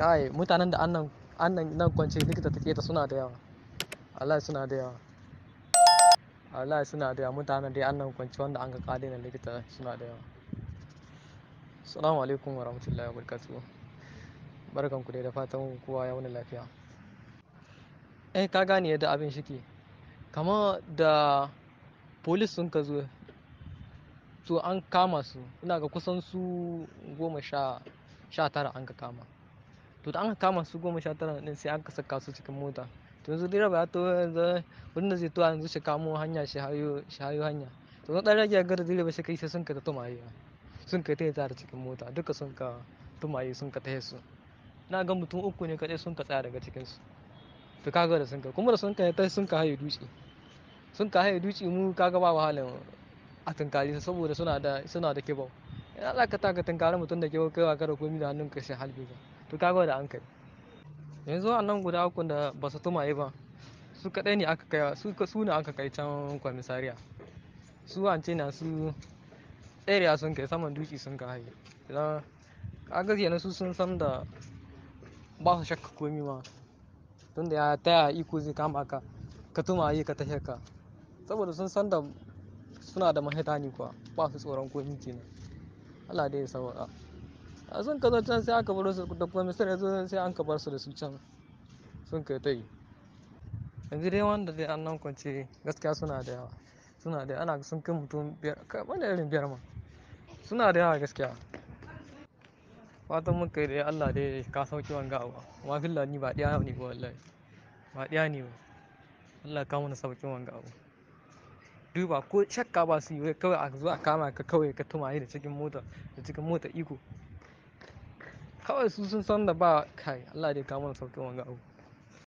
kai mutanen da annan annan nan kwance likita take ta suna da yawa wallahi suna da yawa wallahi suna da yawa mutanen da annan kwance wanda an ga kade na likita suna da yawa assalamu alaikum wa rahmatullahi wa barakatuh barkan ku dai da fatan kowa ya wani lafiya eh ka gane yadda abin shike kama da polis sun ka zo to an kama su ina ga kusan su goma sha tara an ka kama to da an kama su goma sha tara din sai an ka saka su cikin mota to yanzu direba ya to yanzu wanda zai to yanzu shi kamo hanya shi hayo shi hayo hanya to na dan rage ga direba shi kai sai sun ka ta tumaye sun ka ta tsara cikin mota duka sun ka tumaye sun ka ta su na ga mutum uku ne kadai sun ka tsaya daga cikin su to kaga da sun ka kuma da sun ka ta sun ka hayo duci sun ka hayo duci mu kaga ba wahalan a tunkari saboda suna da suna da kibau in Allah ka taka ka tunkari mutum da ke kai wa kare komi da hannun ka sai halbe ka to ka gwada an kai yanzu a nan guda uku da ba su tuma ba su kadai ne aka kai su ka ne aka kai can kwamisariya su an ce na su area sun kai saman duki sun ka haye idan ga yana su sun san da ba su shakka komi ma da ya taya iko zai kama ka ka yi ka tahe ka saboda sun san da suna da mahita ne kuwa ba su tsoron komi kenan Allah dai ya sauwaƙa a sun ka can sai aka baro su da kuma ya zo sai an ka bar su da su can sun kai ta yi yanzu dai wanda dai an nan kwance gaskiya suna da yawa suna da ana sun kai mutum biyar wanda irin biyar ma suna da yawa gaskiya fatan mun kai dai Allah dai ka sauki wanga abu amma fillah ni ba ɗaya ne ba wallahi ba ɗaya ne Allah ka mana sauki wanga abu duba ko shakka ba su yi kawai a zo a kama ka kawai ka tumaye da cikin mota da cikin mota iko kawai su sun san da ba kai Allah dai ka mana sauƙin wanga abu